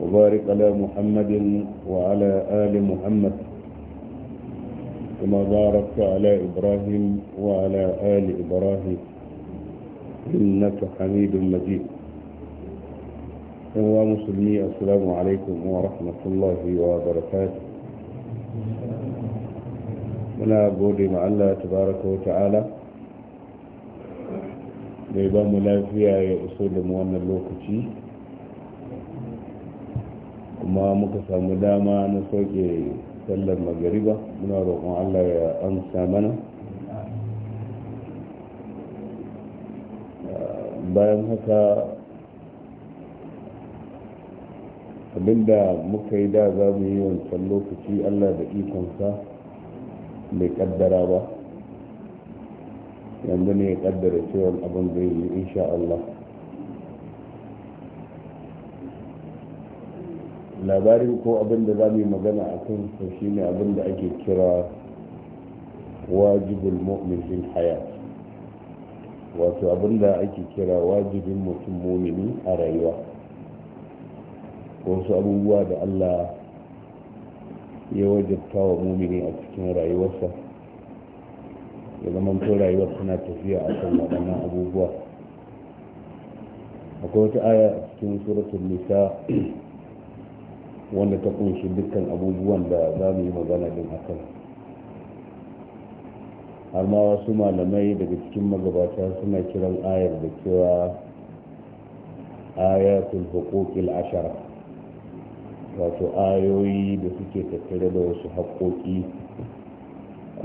وبارك على محمد وعلى آل محمد كما باركت على إبراهيم وعلى آل إبراهيم إنك حميد مجيد أيها مسلمي السلام عليكم ورحمة الله وبركاته muna gode ma Allah tabaraka wa ta'ala da ya ba mu lafiya ya iso da mu wannan lokaci kuma muka samu dama na soke sallar magariba muna roƙon allah ya amsa mana bayan haka abinda muka yi da za mu yi wancan lokaci allah da ikonsa bai kaddara ba yanzu ne ya kaddara cewa abin zai yi insha allah labarin ko abin da za mu yi magana a kan su shi ne abin da ake kira wajibin mu'minin hayat wato abin da ake kira wajibin mutum mumini a rayuwa wasu abubuwa da allah ya wajabta wa mumini a cikin rayuwarsa ya zama to rayuwar tana tafiya a kan waɗannan abubuwa akwai wata aya a cikin suratul nisa wanda ta kunshi dukkan abubuwan da za mu yi magana din akan har ma wasu malamai daga cikin magabata suna kiran ayar da cewa ayatul hukukil ashara wato ayoyi da suke tattare da wasu haƙoƙi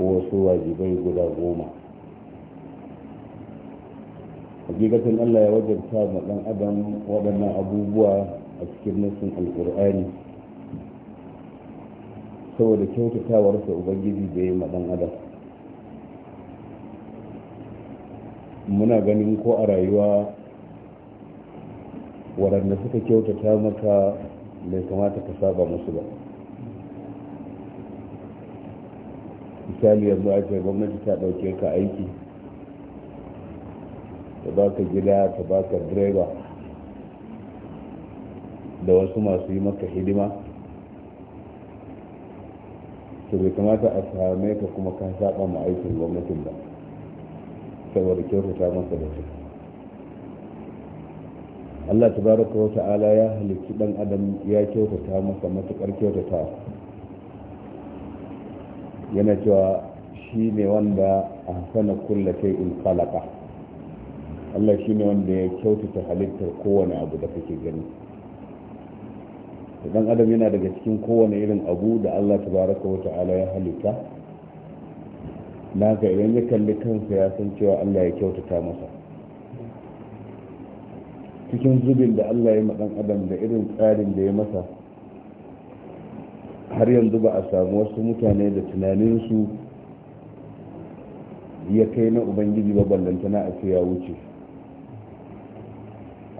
ko wasu wajibai guda goma hakikatan allah ya wajabta ma ɗan adam waɗannan abubuwa a cikin nufin alƙur'ani saboda kyautatawarsa ubangiji da ya maɗan adam muna ganin ko a rayuwa waɗanda suka kyautata maka mai kamata ka saba musu ba misali yanzu ake gwamnati ta ɗauke ka aiki ta baka gida ta baka direba da wasu masu yi maka hidima to bai kamata a same ka kuma ka saba ma aikin gwamnatin ba saboda kyautata masa da shi Allah tabaraka wa ta'ala ya halicci dan adam ya kyautata masa matukar kyautata yana cewa shi ne wanda a sana kulla kai in kalaka Allah shi ne wanda ya kyautata halittar kowane abu da kake gani dan adam yana daga cikin kowane irin abu da Allah tabaraka wa ta'ala ya halitta naka idan ya kalli kansa ya san cewa Allah ya kyautata masa cikin zubin da Allah ya dan adam da irin tsarin da ya masa har yanzu ba a samu wasu mutane da tunaninsu ya kai na ubangiji ba ballanta na ce ya wuce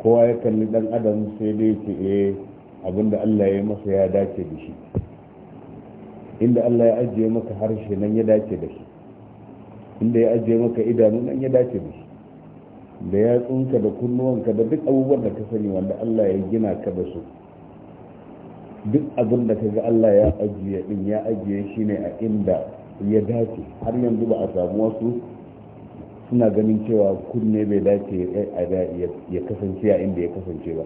kowa ya kalli dan adam sai dai ce eh abinda Allah ya masa ya dace da shi inda Allah ya ajiye maka harshe nan ya dace da shi inda ya ajiye maka idanu nan ya dace da shi da yatsunka da kunnuwanka da duk abubuwan da ka sani wanda Allah ya gina ka da su duk abin da ka ga Allah ya ajiye din ya ajiye shi ne a inda ya dace har yanzu ba a samu wasu suna ganin cewa kunne bai dace ya kasance a inda ya kasance ba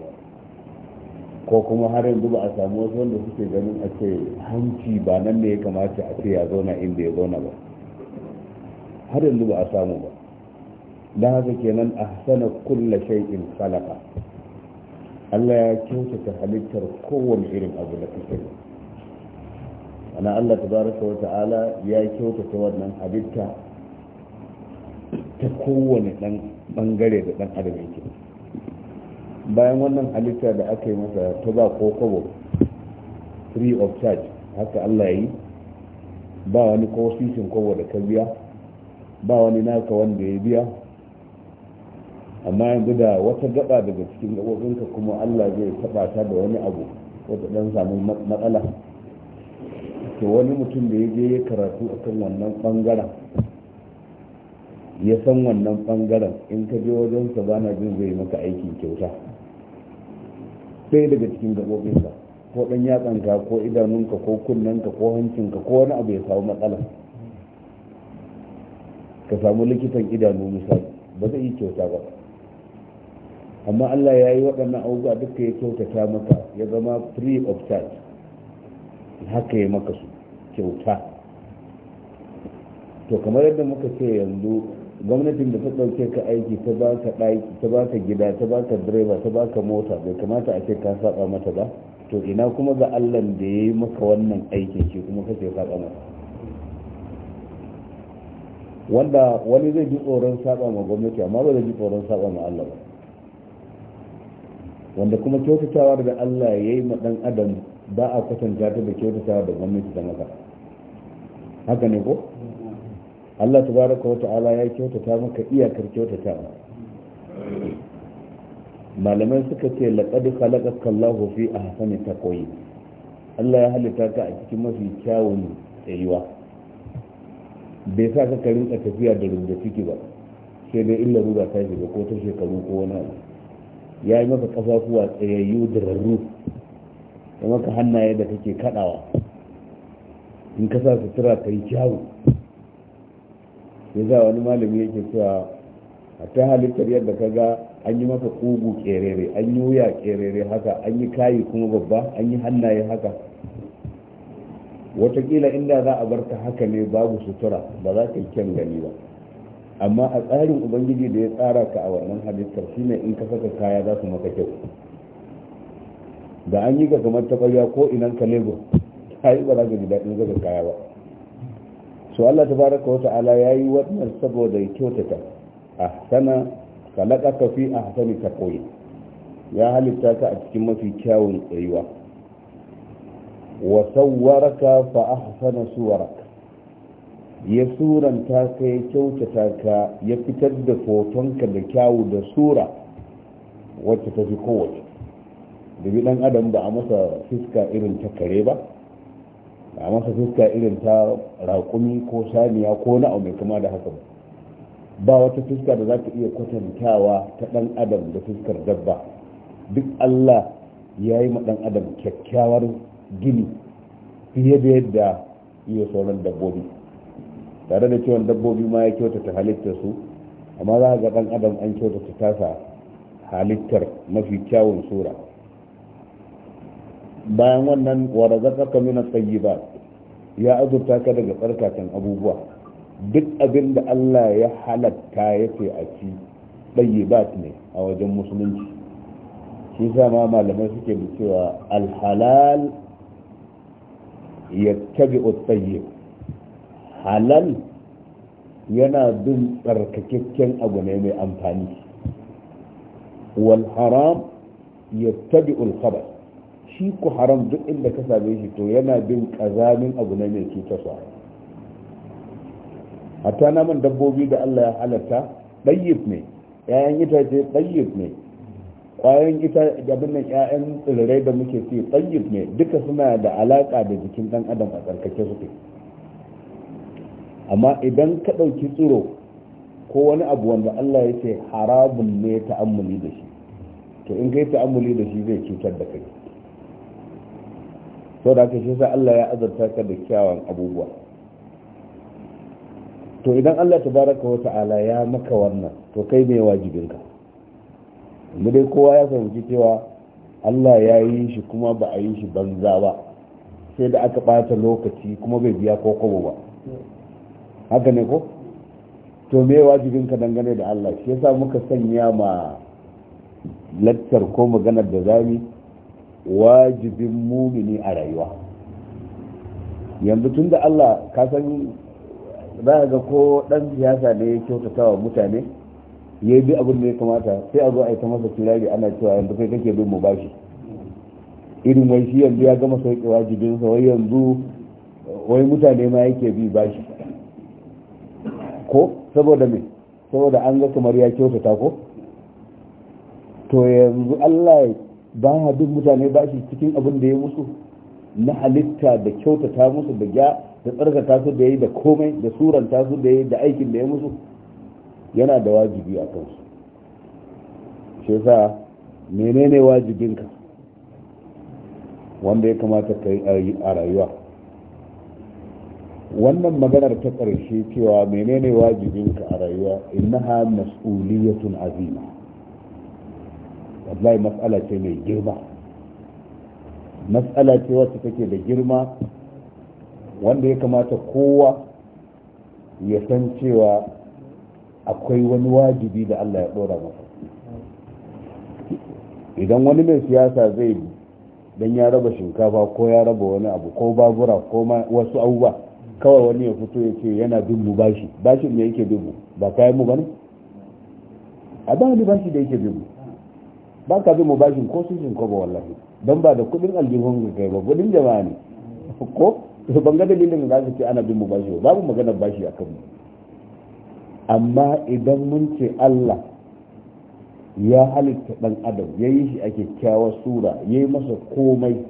ko kuma har yanzu ba a samu wasu wanda suke ganin a ce hanci ba nan ne ya kamata a ce ya zauna inda ya zauna ba har yanzu ba a samu ba da haka kenan a sana kulla shay'in khalaqa Allah ya kyautata halittar kowane irin abu da kake ana Allah tabaraka wa ta'ala ya kyautata wannan halitta ta kowane ɗan bangare da ɗan adam yake bayan wannan halitta da aka yi masa ta ba ko kobo free of charge haka Allah yi ba wani ko kosishin kobo da ka biya ba wani naka wanda ya biya amma yanzu da wata gaba daga cikin gabobinka kuma Allah zai taba ta da wani abu wata dan samu matsala ke wani mutum da ya je ya karatu akan wannan bangaren ya san wannan bangaren in ka je wajen sa na jin zai maka aikin kyauta ɗaya daga cikin gaɓoɓinka ko ɗan yatsanka ko idanunka ko kunnenka ko hancinka ko wani abu ya samu matsala ka samu likitan idanu misali ba zai yi kyauta ba amma allah ya yi waɗannan a duka ya kyautata maka ya zama free of charge haka ya maka su kyauta to kamar yadda muka ce yanzu gwamnatin da ta ɗauke ka aiki ta ba ka ɗaki ta ba ka gida ta ba ka direba ta ba ka mota bai kamata a ce ka saba mata ba to ina kuma ga allan da ya yi maka wannan aikin shi kuma kace saba mata wanda wani zai ji tsoron saba ma gwamnati amma ba zai ji tsoron saba ma allah ba wanda kuma kyautatawa daga allah ya yi ma ɗan adam ba a kwatanta ta da kyautatawa da gwamnati ta maka haka ne ko Allah tabaraka wa ta'ala ya kyautata maka iyakar kyautata. malamai suka ce laqad khalaqaka Allahu fi ahsani taqwim Allah ya halitta ka a cikin mafi kyawun tsayuwa bai sa ka karin tafiya da rubda ciki ba sai dai illa ruga ta shiga ko ta shekaru ko wani abu ya yi maka kafafuwa tsayayyu da rarru ya maka hannaye da kake kaɗawa. in ka sa sutura yi kyawu ya za wani malami yake cewa a ta halittar yadda ka ga an yi maka kugu kerere an yi wuya kerere haka an yi kayi kuma babba an yi hannaye haka watakila inda za a bar ta haka ne babu sutura ba za ka yi kyan gani ba amma a tsarin ubangiji da ya tsara ka a wannan halittar shine in ka saka kaya za su maka kyau da an yi ka kamar taɓarya ko inan ka lagos ta yi ba za ka ji daɗin saka kaya ba so Allah tabaraka wa ta'ala yayi wannan saboda ya kyautata ahsana khalaqaka fi ahsani taqwim ya halitta ka a cikin mafi kyawun tsayuwa wa sawwaraka fa ahsana suwaraka ya suranta ka ya kyautata ka ya fitar da fotonka da kyawu da sura wacce ta fi kowace da dan adam ba a masa fiska irin ta kare ba a masa fuska irin ta raƙumi ko saniya ko na mai kama da haka ba wata fuska da za ta iya kwatantawa ta ɗan adam da fuskar dabba duk allah ya yi ma ɗan adam kyakkyawar gini fiye da yadda iya sauran dabbobi tare da cewa dabbobi ma ya kyautata halittar su amma za ga ɗan adam an kyautata tasa halittar mafi kyawun sura bayan wannan wa razaqaka min at-tayyibat ya azurta ka daga tsarkakan abubuwa duk abin da Allah ya halatta yake a ci tayyibat ne a wajen musulunci shi ma malamai suke da cewa alhalal ya tabi tsayyib halal yana bin tsarkakakken abu ne mai amfani wal haram ya tabi ulkhabar shi ku haram duk inda ka same shi to yana bin kazamin abu na mai cutarwa hatta naman dabbobi da Allah ya halatta ɗayyif ne ‘ya'yan itace ɗayyif ne ƙwayan ita abin nan ‘ya'yan tsirrai da muke ci ɗayyif ne duka suna da alaƙa da jikin ɗan adam a tsarkake suke amma idan ka ɗauki tsiro ko wani abu wanda Allah ya ce harabun ne ta'ammuli da shi to in kai ta'ammuli da shi zai cutar da kai sau da ka shi sa Allah ya azarta ka da kyawun abubuwa to idan Allah ta baraka wa ta'ala ya maka wannan to kai mai wajibinka mu dai kowa ya fahimci cewa Allah ya yi shi kuma ba a yi shi banza ba sai da aka ɓata lokaci kuma bai biya ko kwabo ba haka ne ko to me wajibinka dangane da Allah shi yasa muka sanya ma lattar ko maganar da zami wajibin mumini a rayuwa yanzu tun da Allah ka san za ga ko dan siyasa ne ya kyautata wa mutane ya bi abin da ya kamata sai a zo a yi ta masa kirari ana cewa yanzu kai kake bin mu bashi irin wai shi yanzu ya gama wajibin wajibinsa wai yanzu wai mutane ma yake bi bashi ko saboda me saboda an ga kamar ya kyautata ko to yanzu Allah ya baya duk mutane ba shi cikin abin da ya musu na halitta da kyautata musu da gya da tsarkaka su da yi da komai da suranta su da yi da aikin da ya musu yana da wajibi a kansu shi yasa menene wajibinka wanda ya kamata ka yi a rayuwa wannan maganar ta ƙarshe cewa menene wajibinka a rayuwa innaha mas'uliyatun azima wallahi mas'ala ce mai girma mas'ala ce wacce take da girma wanda ya kamata kowa ya san cewa akwai wani wajibi da Allah ya dora masa idan wani mai siyasa zai don ya raba shinkafa ko ya raba wani abu ko babura ko wasu abubuwa kawai wani ya fito ya ce yana bin mu bashi bashin ne yake bin mu ba kayan mu bane a bashi da yake bin mu ba ka bi mu bashin ko sun ko ba wallahi don ba da kudin aljihun ga kai ba kudin jama'a ne ko to ban ga dalilin da za ce ana bin mu bashi ba babu maganar bashi a kanmu amma idan mun ce Allah ya halitta dan adam ya yi shi a kyakkyawar sura ya yi masa komai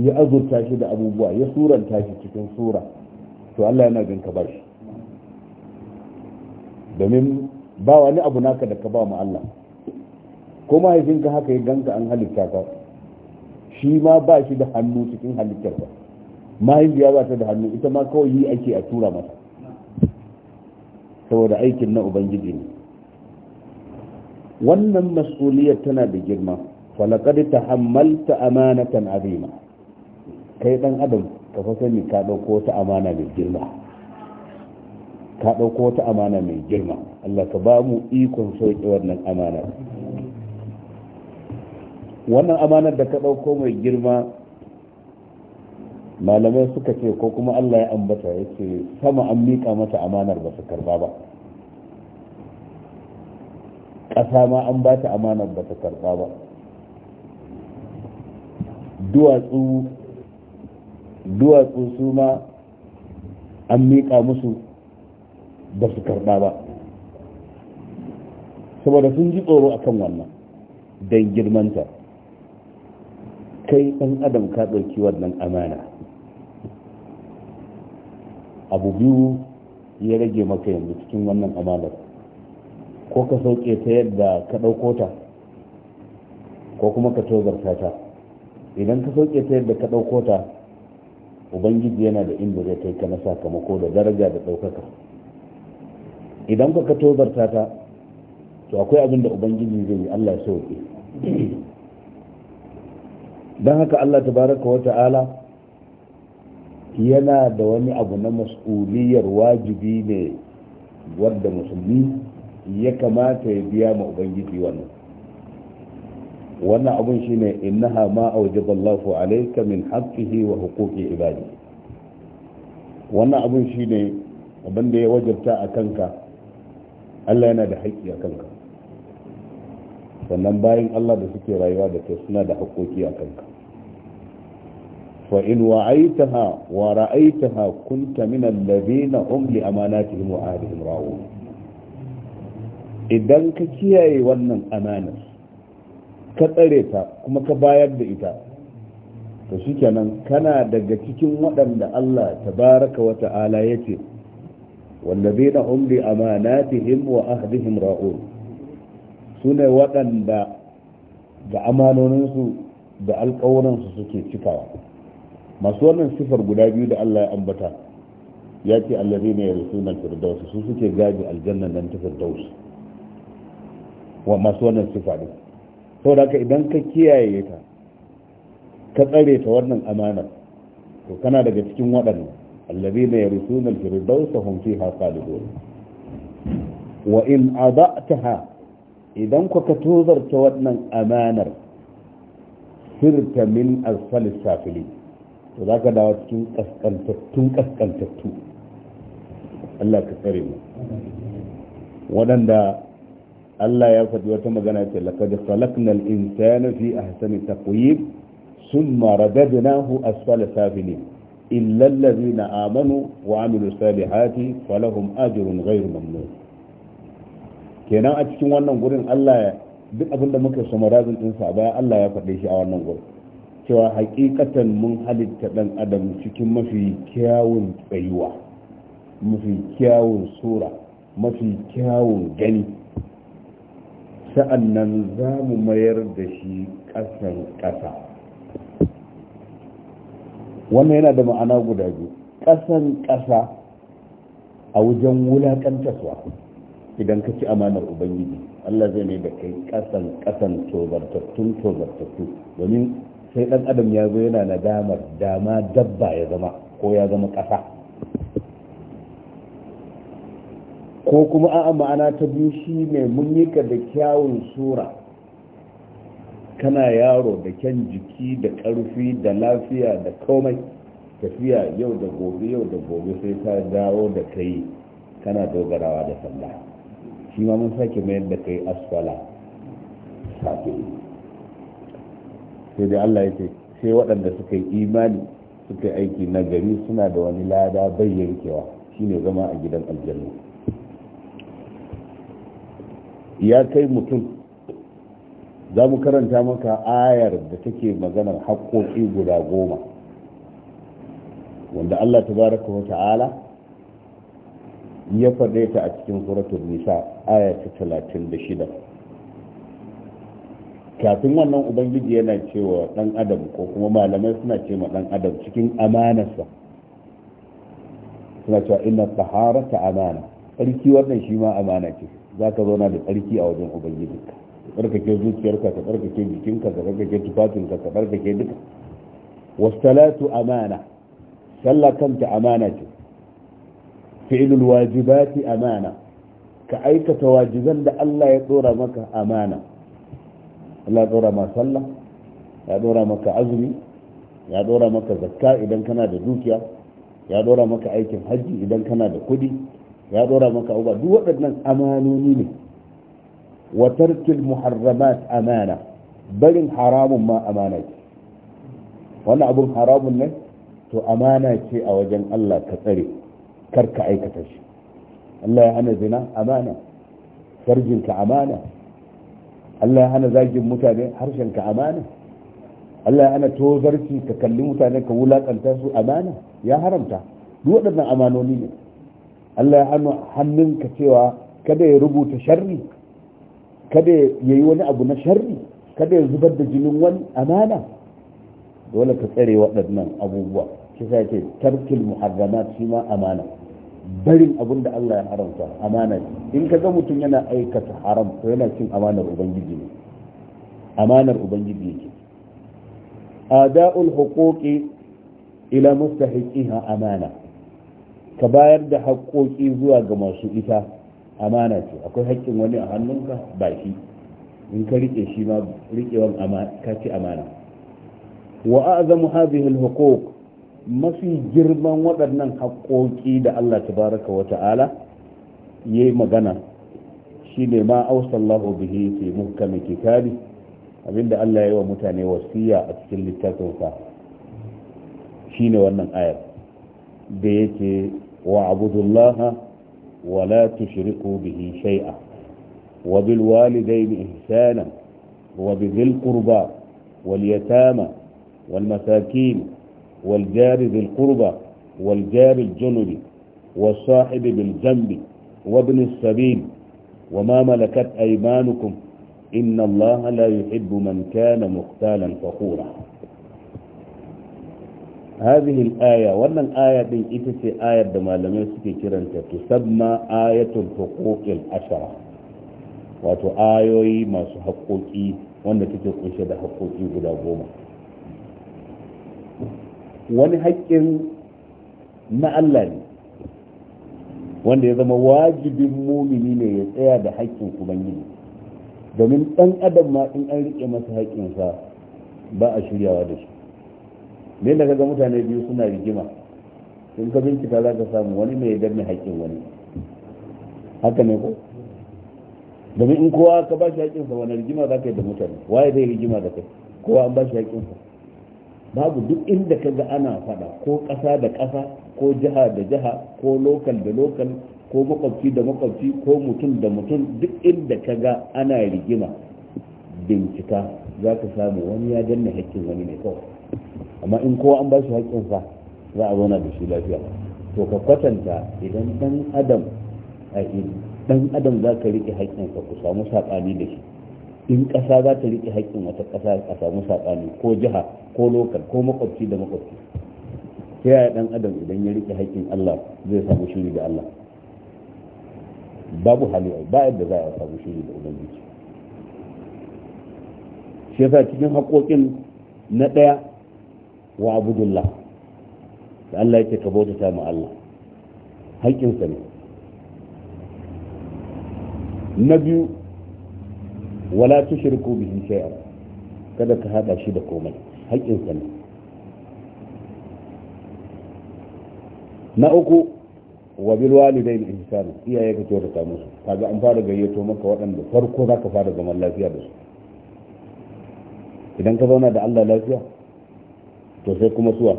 ya azurta shi da abubuwa ya suranta shi cikin sura to Allah yana bin ka bashi domin ba wani abu naka da ka ba mu Allah ko mahaifin ka haka ya ganka an halitta ka shi ma ba shi da hannu cikin halittar ba mahaifiya ba ta da hannu ita ma kawai yi ake a tura mata saboda aikin na ubangiji ne wannan mas'uliyar tana da girma falakar ta hammalta amanatan azima kai dan adam ka fa sani ka dauko ta amana mai girma ka dauko ta amana mai girma Allah ka ba mu ikon sauke wannan amana wannan amanar da ka ɗauko mai girma malamai suka ce ko kuma allah ya ambata ya ce sama an miƙa mata amanar ba su karba ba ƙasa ma an ba ta amanar ba su karba ba duwatsu duwatsu su ma an miƙa musu ba su karɓa ba saboda sun ji tsoro akan wannan don girmanta kai ɗan adam ka ɗauki wannan amana abu biyu ya rage maka yanzu cikin wannan amanar ko ka sauke ta yadda ka ɗauko ta ko kuma ka tozarta ta idan ka sauke ta yadda ka ɗauko ta ubangiji yana da inda zai kai ka na sakamako da daraja da ɗaukaka idan ka tozarta ta to akwai abin da ubangiji zai yi allah ya sauke don haka Allah tabaraka wa ta'ala yana da wani abu na mas'uliyar wajibi ne wadda musulmi ya kamata ya biya ma ubangiji wannan wannan abun shine innaha ma waje alayka min haqqihi wa huquqi ibadi wannan abun shine abin da ya wajabta a kanka Allah yana da haƙƙi a kanka sannan bayan Allah da suke rayuwa da kai suna da haƙoƙi a kanka fa in wa'aitaha wa ra'aitaha kunta min alladhina hum li amanatihim wa ahdihim ra'un idan ka kiyaye wannan amanar ka tsare ta kuma ka bayar da ita ta to shikenan kana daga cikin waɗanda Allah ta baraka wa ta'ala yace wallazina hum li amanatihim wa ahdihim ra'un su ne waɗanda da amanoninsu da alƙawuransu suke cikawa masu wannan sifar guda biyu da Allah ya ambata ya ce allazi ne ya rasu na firdaus su suke gaji aljannan nan ta firdaus wa masu wannan sifa ne saboda haka idan ka kiyaye ta ka tsare ta wannan amanar to kana daga cikin waɗannan allazi ne ya rasu na firdaus hum fiha khalidun wa in adataha idan kuka tozarta wannan amanar sirta min asfalis safili to za ka dawo cikin kaskantattun kaskantattu Allah ka tsare mu waɗanda Allah ya faɗi wata magana ce da falaknal insana fi ahsani taqwim thumma radadnahu asfala safilin illa na amanu wa amilu salihati falahum ajrun gairu mamnun kenan a cikin wannan gurin Allah ya duk abin da muka razin ɗinsa a baya Allah ya faɗe shi a wannan gurin cewa hakikatan mun halitta ɗan adam cikin mafi kyawun tsayuwa mafi kyawun sura mafi kyawun gani sa'annan za mu mayar da shi ƙasan ƙasa wannan yana da ma'ana guda biyu ƙasan ƙasa a wajen wulaƙantarwa idan ka ci amanar ubangiji Allah zai mai da kai kasan kasan tobartattun tobartattu domin sai dan adam ya zo yana nadamar dama dabba ya zama ko ya zama kasa ko kuma a'a ma'ana ta biyu shi ne mun yi ka da kyawun sura kana yaro da kyan jiki da ƙarfi da lafiya da komai tafiya yau da gobe yau da gobe sai ta dawo da kai kana dogarawa da sallah shi ma mun sake mayar da kai asfala safi sai dai Allah ya ce sai waɗanda suka yi imani suka yi aiki na gari suna da wani lada kewa shi ne zama a gidan aljanna ya kai mutum za mu karanta maka ayar da take maganar haƙoƙi guda goma wanda Allah Ta baraka wa ta'ala ya faɗe ta a cikin suratul nisa aya ta talatin da shida kafin wannan ubangiji yana cewa ɗan adam ko kuma malamai suna ce ma ɗan adam cikin amanarsa suna cewa ina sahara ta amana tsarki wannan shi ma amana ce za ka zauna da tsarki a wajen ubangiji ka tsarkake zuciyarka ka tsarkake jikinka ka tsarkake tufafinka ka tsarkake duka wasu talatu amana sallah kanta amana ce fi'lul wajibati amana ka aikata wajiban da Allah ya dora maka amana ya dora ma sallah ya dora maka azumi ya dora maka zakka idan kana da dukiya ya dora maka aikin hajji idan kana da kuɗi, ya dora maka uba duk waɗannan amanoni ne wa tarkil muharramat amana barin haramun ma amana ce wannan abun haramun ne to amana ce a wajen Allah ka tsare karka aikata shi Allah ya hana zina amana farjinka amana Allah ya hana zagin mutane harshenka amana Allah ya hana tozarci ka kalli mutane ka wulakanta su amana ya haramta duk waɗannan amanoni ne Allah ya hana hannunka cewa kada ya rubuta sharri kada ya yi wani abu na sharri kada ya zubar da jinin wani amana dole ka tsare waɗannan abubuwa shi sa yake tarkin muharramat shi ma amana barin abin da Allah ya haramta amana in ka ga mutum yana aikata haram to yana cin amanar ubangiji ne amanar ubangiji yake ada'ul huquqi ila mustahiqiha amana ka bayar da haƙoƙi zuwa ga masu ita amana ce akwai haƙƙin wani a hannunka ba shi in ka rike shi ma rikewan ka ci amana wa a'zamu hadhihi al-huquq mafi girman waɗannan haƙoƙi da Allah baraka wa ta'ala ya yi magana shi ne ma ausallahu bihi fi muhkami kitabi abinda Allah ya yi wa mutane wasiya a cikin littafinsa shi ne wannan ayar da yake wa abudullaha wa la tushriku bihi shay'a wa bil walidayni ihsana wa bi qurba wal yatama wal masakin والجار ذي القربى والجار الجنب والصاحب بالجنب وابن السبيل وما ملكت أيمانكم إن الله لا يحب من كان مختالا فخورا هذه الآية وأن الآية دي إتسي آية دما لم يسكي كرن تسمى آية الحقوق العشرة وتآيوي ما سحقوكي وأن تتقشد حقوقي قد أبوما wani haƙƙin na Allah ne wanda ya zama wajibin mumini ne ya tsaya da haƙƙin ubangiji domin ɗan adam ma in an riƙe masa haƙƙinsa ba a shiryawa da shi ne daga ga mutane biyu suna rigima in ka bincika za ka samu wani mai danne haƙƙin wani haka ne ko domin in kowa ka ba shi haƙƙinsa wani rigima za ka yi da mutane waye zai rigima da kai kowa an ba shi haƙƙinsa babu duk inda kaga ana fada ko ƙasa da ƙasa ko jiha da jiha ko lokal da lokal ko makwabci da makwabci ko mutum da mutum duk inda kaga ana rigima bincika za ka samu wani ya danna haƙƙin wani ne kawai amma in kowa an ba shi haƙƙinsa za a zauna da shi lafiya to ka kwatanta idan dan adam a dan adam za ka riƙe haƙƙinsa ku samu saɓani da shi in ƙasa za ta riƙe haƙƙin wata ƙasa a samu saɓani ko jiha ko lokal ko makwabci da makwabci ta yaya ɗan adam idan ya riƙe haƙƙin Allah zai samu shiri da Allah babu hali ba yadda za a samu shiri da ubangiji shi yasa cikin haƙoƙin na ɗaya wa abudullah da Allah yake ka bautata ma Allah haƙƙinsa ne na biyu wala tushriku bihi shay'an kada ka hada shi da komai haƙƙin sa na uku wa bil walidain ihsana iyaye ka ta musu kaga an fara gayyato maka waɗanda farko zaka fara zaman lafiya da su idan ka zauna da Allah lafiya to sai kuma suwa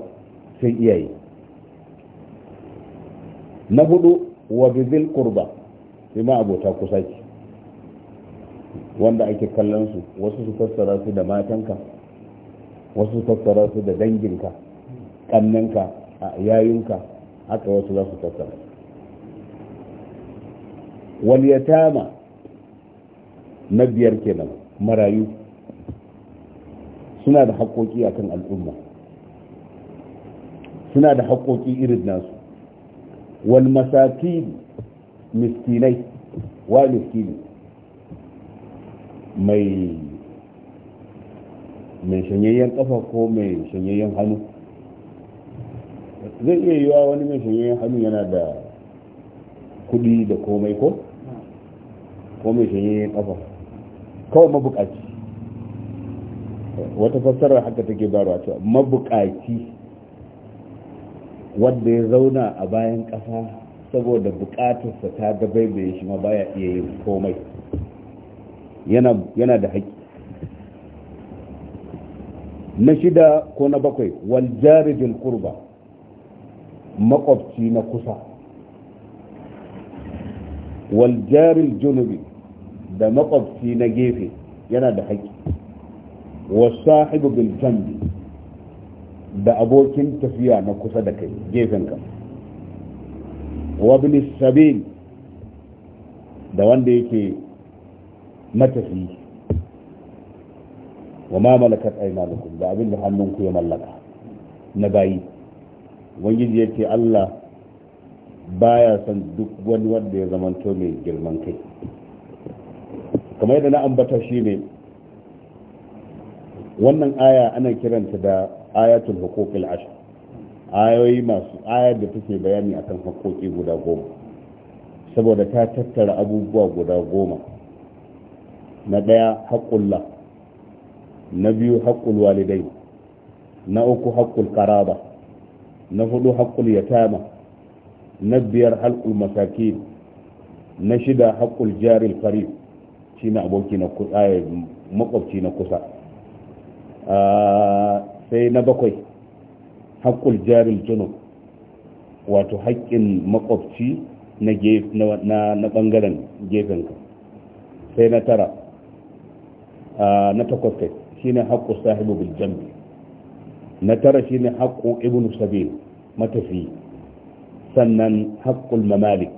sai iyaye na hudu wa bil qurba sai ma abota kusa ki wanda ake kallon su wasu su fassara su da matanka wasu su fassara su da danginka kannanka yayinka haka wasu za su fassara wal yatama na biyar kenan marayu suna da haƙoƙi akan al'umma suna da haƙoƙi irin nasu wal masakin miskinai wa miskinai mai mai shanyayyen kafa ko mai shanyayyen hannu zai iya yiwa wani mai shanyayyen hannu yana da kudi da komai ko ko mai shanyayyen kafa kawai mabukaci wata fassarar haka take a cewa mabukaci wanda ya zauna a bayan kasa saboda bukatarsa ta dabaibaye shi ma baya iya yin komai yana da haƙƙi na shida ko na bakwai wal kurba makwabci na kusa wal junubi da makwabci na gefe yana da haƙƙi wasahibu bil canji da abokin tafiya na kusa da kai gefen ka wabni da wanda yake matafi wa ma malakat aymanukum da abin da hannunku ya mallaka na bayi ubangiji ya ce Allah baya son duk wani wanda ya zamanto mai girman kai kamar yadda na ambata shi ne wannan aya ana kiranta da ayatul hukukul ashir ayoyi masu aya da take bayani akan haƙoƙi guda goma saboda ta tattara abubuwa guda goma na ɗaya haƙƙullah na biyu haƙƙul walidai na uku haƙƙul ƙaraba, na hudu haƙƙul yatama na biyar haƙƙul masaki, na shida haƙƙul jaril shi shine aboki na kusa eh, makwabci na kusa ah, sai na bakwai haƙƙul jaril junub wato haƙƙin makwabci na ɓangaren gefenka sai na tara na takwas kai ne haqqu sahibu bil na tara ne haqqu Ibn sabil matafi sannan haqqul mamalik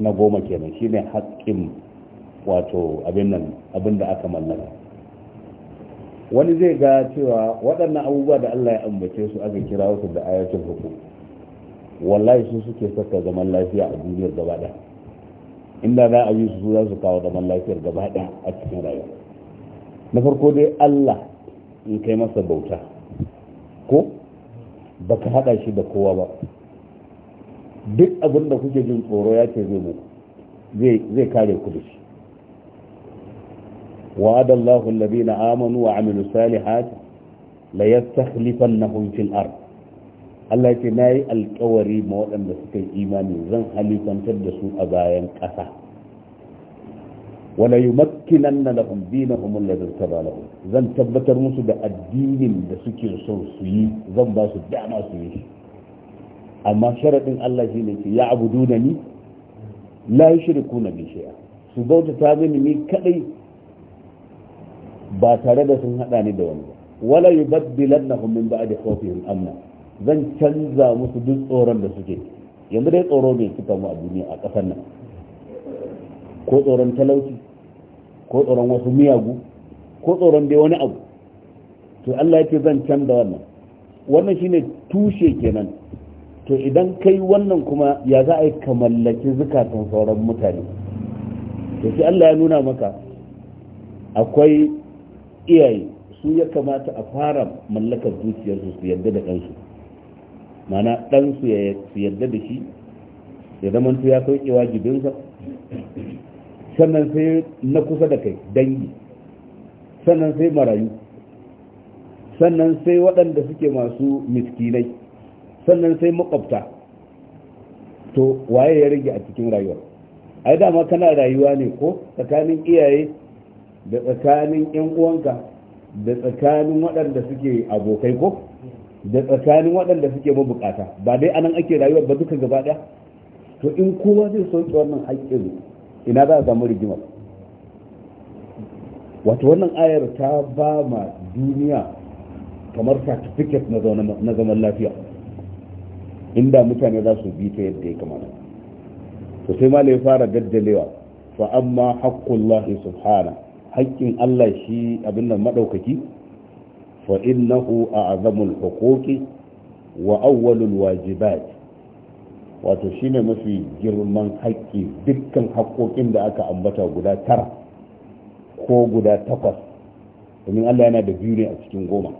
na goma kenan ne haƙƙin wato abin nan abin da aka mallaka wani zai ga cewa waɗannan abubuwa da Allah ya ambace su aka kira wasu da ayatul hukum wallahi su suke saka zaman lafiya a duniyar gaba ɗaya inda za a yi su za su kawo zaman lafiyar gaba ɗaya a cikin rayuwa na farko dai Allah in kai masa bauta ko ka haɗa shi da kowa ba duk abin da kuke jin tsoro ya ce zai muku zai kare ku da shi amanu wa الذين آمنوا وعملوا الصالحات ليستخلفنهم في الأرض Allah ce na yi alkawari ma waɗanda suka yi imani zan halifantar da su a bayan ƙasa wala yumakkinanna lahum dinahum alladhi irtada lahum zan tabbatar musu da addinin da suke so su yi zan ba su dama su yi amma sharadin Allah shine ce ya abuduna ni la kuna bi shay'a su bauta ta mini ni kadai ba tare da sun hada ni da wani wala yubaddilannahum min da kofin amna zan canza musu duk tsoron da suke yanzu dai tsoro mai cika mu a duniya a ƙasar nan ko tsoron talauci ko tsoron wasu miyagu ko tsoron dai wani abu to Allah yake zan canza wannan wannan shine tushe kenan to idan kai wannan kuma ya za a yi ka mallaki zukatan sauran mutane to shi Allah ya nuna maka akwai iyaye su ya kamata a fara mallakar zuciyarsu su yarda da ɗansu mana ɗansu ya yarda da shi ya tu ya sauke gidansa sannan sai na kusa da kai dangi sannan sai marayu sannan sai waɗanda suke masu miskinai sannan sai makwabta to waye ya rage a cikin rayuwar ai dama kana rayuwa ne ko tsakanin iyaye da tsakanin yan uwanka da tsakanin waɗanda suke abokai ko da tsakanin waɗanda suke mabukata ba dai anan ake rayuwar ba duka gaba ɗaya to in kowa zai soke wannan haƙƙin ina za a samu rigimar wato wannan ayar ta ba ma duniya kamar certificate na zaman lafiya inda mutane za su bi ta yadda ya kamata to sai ma ya fara daddalewa fa amma haqqullahi subhana haƙƙin Allah shi abin nan madaukaki fa innahu a'zamul huquqi wa awwalul wajibati wato shine mafi girman haƙƙi dukkan haƙƙoƙin da aka ambata guda tara ko guda takwas domin Allah yana da biyu ne a cikin goma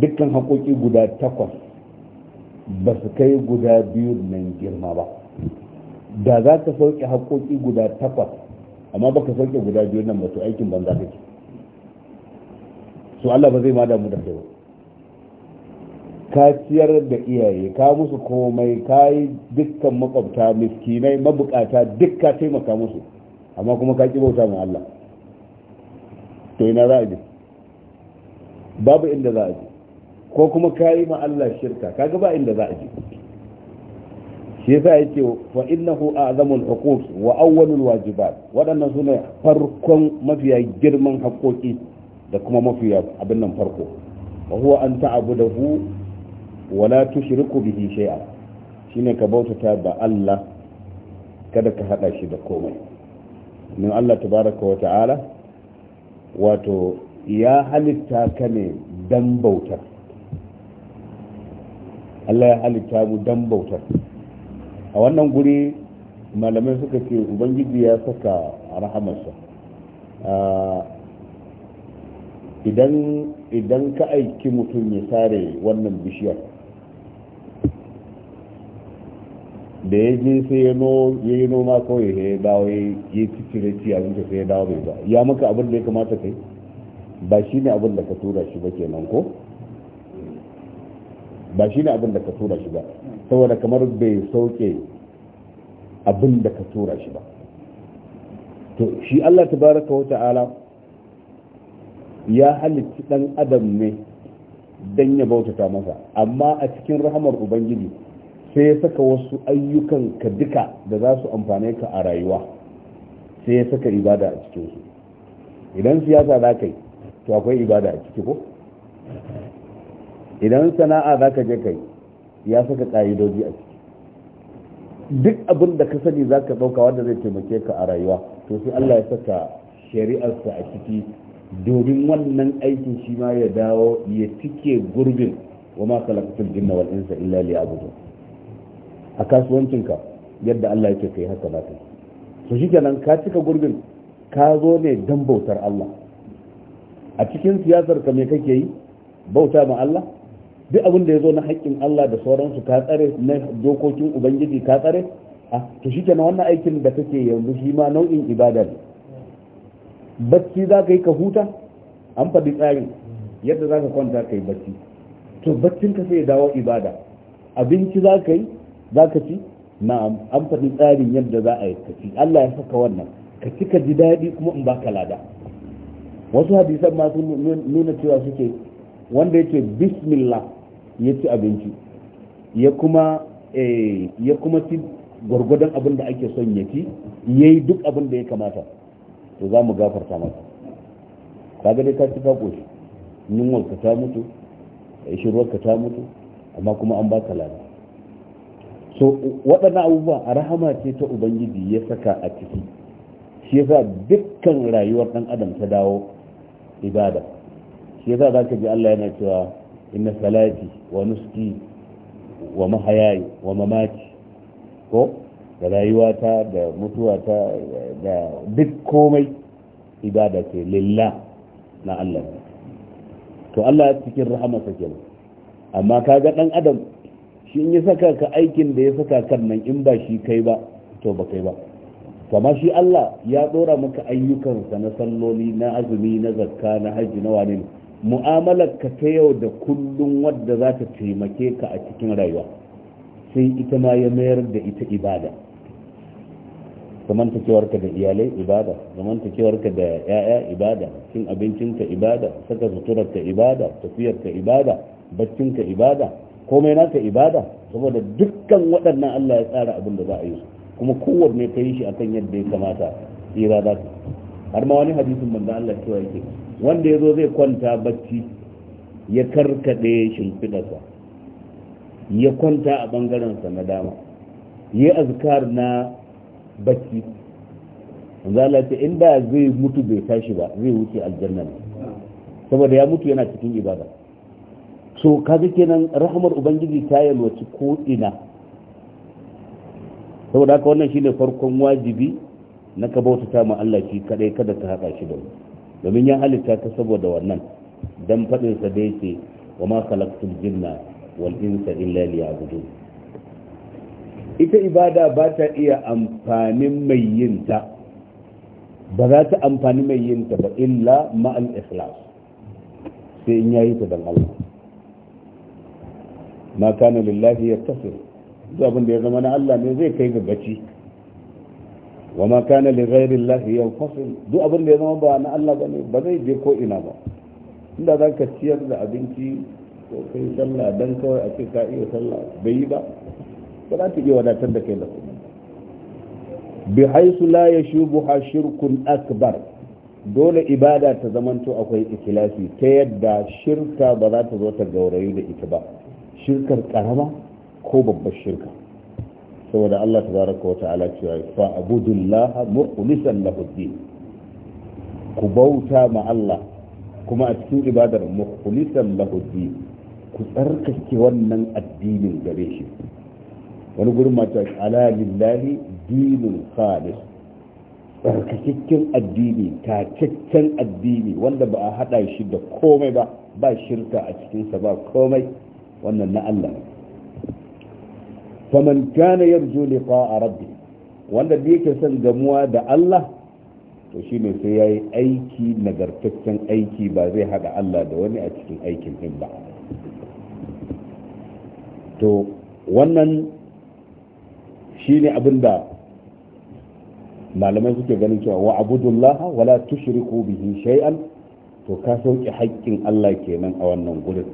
dukkan haƙƙoƙi guda takwas ba su kai guda biyu nan girma ba da za ka sauke haƙƙoƙi guda takwas amma ba ka sauke guda biyu nan ba to aikin banza kake so Allah ba zai ma damu da kai ba ka ciyar da iyaye ka musu komai ka yi dukkan makwabta miskinai mabukata duk ka taimaka musu amma kuma ka ƙi bauta ma Allah to ina za a je babu inda za a je ko kuma ka yi ma Allah shirka ka ba inda za a je shi yasa yake fa innahu a'zamul huquq wa awwalul wajibat Waɗannan sune farkon mafiya girman haƙoƙi da kuma mafiya abin nan farko wa huwa an ta'budahu wala tushriku bihi shay'a shine ka bautata da Allah kada ka hada shi da komai min Allah tabaraka wa ta'ala wato ya halitta ka ne dan bautar Allah ya halitta mu dan bautar a wannan guri malamai suka ce ubangiji ya saka rahamarsa idan ka aiki mutum ya sare wannan bishiyar da ya je sai ya yi noma kawai ya dawo ya yi cire ci abinci sai ya dawo bai ba ya maka abin da ya kamata kai ba shi ne abin da ka tura shi ba kenan ko ba shi ne abin da ka tura shi ba saboda kamar bai sauke abin da ka tura shi ba to shi Allah tabaraka wa ta'ala ya halitta dan adam ne dan ya bautata masa amma a cikin rahamar ubangiji sai ya saka wasu ayyukan ka duka da za su amfane ka a rayuwa sai ya saka ibada a cikinsu idan siyasa za ka yi to akwai ibada a ciki ko idan sana'a za ka je kai ya saka ƙa'idoji a ciki duk abin da ka sani za ka ɗauka wanda zai taimake ka a rayuwa to sai allah ya saka shari'arsa a ciki domin wannan aikin shi ma ya dawo ya cike gurbin wa ma kalakatul jinna wal insa illa liya'budun a kasuwancinka yadda Allah yake kai haka ta ka shi shikenan ka cika gurbin ka zo ne dan bautar Allah a cikin siyasar ka me kake yi bauta ma Allah duk abin da ya zo na haƙƙin Allah da sauransu ka tsare na dokokin ubangiji ka tsare a to shikenan wannan aikin da kake yanzu shi ma nau'in ibada ne bacci za ka yi ka huta an faɗi tsari yadda za ka kwanta ka yi bacci to baccin sai ya dawo ibada abinci za ka yi za ka ci na'am amfani tsarin yadda za a yi ka ci Allah ya saka wannan ka ci ka ji daɗi kuma in baka lada wasu hadisan masu nuna cewa suke wanda yake bismillah ya ci abinci ya kuma eh, ya kuma ci gwargwadon abin da ake son ya ci ya yi duk abin da ya kamata to za mu gafarta masa kaga dai ka ci ka koshi yunwar ka ta mutu shirwar ka ta mutu amma kuma an baka lada to waɗannan abubuwa a rahama ce ta ubangiji ya saka a ciki shi yasa dukkan rayuwar ɗan adam ta dawo ibada shi yasa za ka ji Allah yana cewa inna salati wa nuski wa mahayayi wa mamaki ko da rayuwata da mutuwata da duk komai ibada ce lilla na Allah to Allah cikin rahamarsa kenan amma kaga ɗan adam shi ya saka ka aikin da ya saka kan nan in ba shi kai ba to ba kai ba kama shi Allah ya dora maka ayyukansa na salloli na azumi na zakka na haji na wani ne mu'amalar ka ta yau da kullun wadda za ta taimake ka a cikin rayuwa sai ita ma ya mayar da ita ibada ka da iyalai ibada ka da 'ya'ya ibada cin abincinka ibada saka ka ibada tafiyar ka ibada ka ibada komai naka ibada saboda dukkan waɗannan Allah ya tsara abin da za a yi kuma kowanne ka yi shi akan yadda ya kamata tsira za ka har ma wani hadisin manzo Allah cewa yake wanda ya zo zai kwanta bacci ya karkaɗe shimfiɗarsa ya kwanta a ɓangarensa na dama ya azkar na bacci a ce inda zai mutu bai tashi ba zai wuce aljanna ne saboda ya mutu yana cikin ibada so ga kenan rahmar ubangiji ta yalwaci ko ina saboda haka wannan shine farkon wajibi na ka bautata ma Allah shi kadai kada ka haka shi da domin ya halitta ta saboda wannan dan faɗin sa da yake wa ma khalaqtul jinna wal insa illa liya'budun ita ibada ba ta iya amfanin mai yin ta ba za ta amfani mai yin ta ba illa ma'al ikhlas sai in yayi ta dan Allah ma kana lillahi yattasir duk abin da ya zama na Allah ne zai kai ga gaci wa ma kana li ghairi llahi yanfasil duk abin da ya zama ba na Allah bane ba zai je ko ina ba inda za ka ciyar da abinci ko kai sallah dan kawai a ce ka iya sallah bai yi ba ba za ta iya wadatar da kai da kuma bi haisu la yashubu shirkun akbar dole ibada ta zamanto akwai ikhlasi ta yadda shirka ba za ta zo ta gaurayi da ita ba shirkar karama ko babbar shirka saboda Allah tabaraka wa ta'ala cewa fa abudullaha mukhlishan lahu din ku bauta ma Allah kuma a cikin ibadar mukhlishan lahu din ku tsarkake wannan addinin gare shi wani gurin ma ta ala lillahi dinul khalis tsarkakakken addini takakken addini wanda ba a hada shi da komai ba ba shirka a cikinsa ba komai wannan na Allah faman kana yarju liqa'a rabbi wanda da yake son gamuwa da Allah to shine sai yayi aiki nagartaccen aiki ba zai hada Allah da wani a cikin aikin din ba to wannan shine abinda malamai suke ganin cewa wa abudullah wala tushriku bihi shay'an to ka sauke haƙƙin Allah kenan a wannan gurin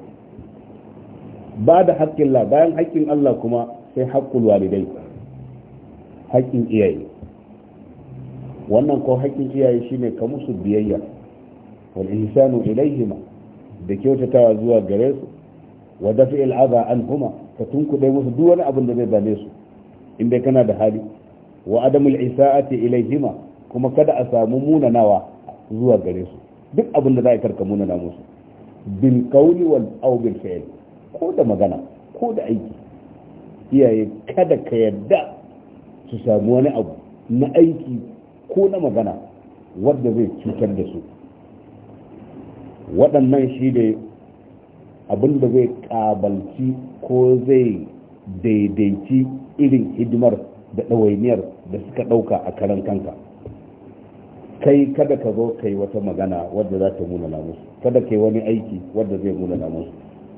ba da haƙƙin la bayan haƙƙin Allah kuma sai haƙƙul walidai haƙƙin iyaye wannan ko haƙƙin iyaye shine ka musu biyayya wal ihsanu ilaihima da kyautatawa zuwa gare su wa dafi'il adha anhuma ka tunkuɗe musu duk wani abin da zai zame su in dai kana da hali wa adamul isa'ati ilaihima kuma kada a samu munanawa zuwa gare su duk abin da za a karka munana musu bin qawli wal aw bil fi'l ko da magana ko da aiki iyaye kada ka yadda su samu wani abu na aiki ko na magana wadda zai cutar da su waɗannan shi ne abin da zai ƙabalci ko zai daidaici irin hidimar da ɗawainiyar da suka ɗauka a karan kanka kai kada ka zo kai wata magana wadda za ta muna namusu kada kai wani aiki wadda zai muna namusu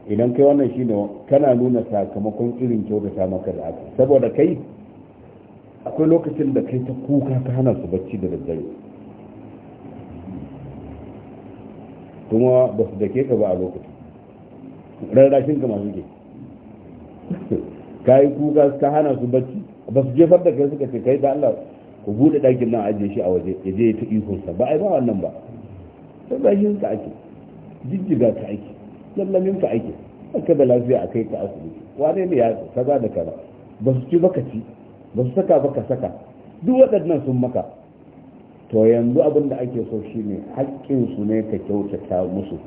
idan kai wannan shine kana nuna sakamakon irin kyautata maka da aka saboda kai akwai lokacin da kai ta kuka ka hana su bacci da daddare kuma ba su dake ka ba a lokacin rarrashin ka masu ke kayi kuka ka hana su bacci ba su jefar da kai suka ce kai da Allah ku bude ɗakin nan ajiye shi a waje ya je ta ihunsa ba ai ba wannan ba shi ka ake jijjiga ka ake lallamin ka ake aka da lafiya a kai ka asibiti wane ne ya kaza da kaza ba su ci baka ci ba su saka baka saka duk waɗannan sun maka to yanzu abin da ake so shine haƙƙin su ne ka kyautata musu